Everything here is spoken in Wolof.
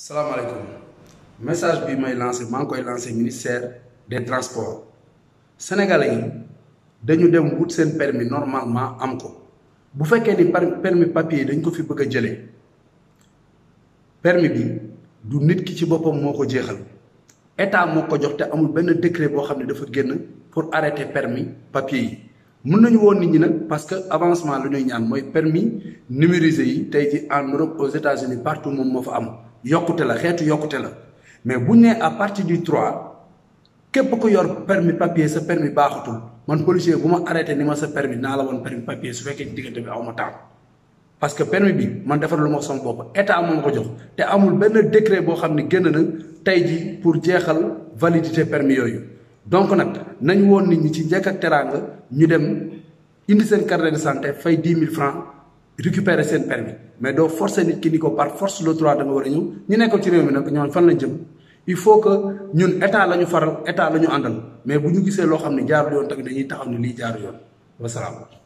salaamaaleykum message bi may lancé maa ngi koy lancé ministère des transports sénégalais yi dañu dem wut seen permis normalement am ko bu fekkee ni permis yi dañ ko fi bëgg a jëlee permis bi du nit ki ci boppam moo ko jeexal état moo ko jox te amul benn décret boo xam ne dafa génn pour arrêter permis papier yi mun nañu woon nit ñi nag parce que avancement lu ñuy ñaan mooy permis numérisé yi tey ji en Europe aux États-Unis partout moom moo fa am yokkute la xeetu yokkute la mais bu ñu nee à partir du 3 képp ku yor permis papier sa permi baaxatul man policier bu ma arrêté ni ma sa permis naa la woon permis papier su fekkee diggante bi aw ma temps parce que permis bi man defar lu ma sama bopp état moom ko jox te amul benn décret boo xam ne génn na tey ji pour jeexal validité permis yooyu donc nag nañ woon nit ñi ci njëkk ak teraanga ñu dem indi seen carte de santé fay 10 mille francs récupérer seen permis mais doo forcer nit ki ni ko par force de droit da nga war a ñëw ñu nekkoon ci réew mi nag ñoom fan lañ jëm il faut que ñun état lañu faral état la ñu àndal mais bu ñu gisee loo xam ne jaarul yoon tamit dañuy taxaw ne lii jaarul yoon wasalaam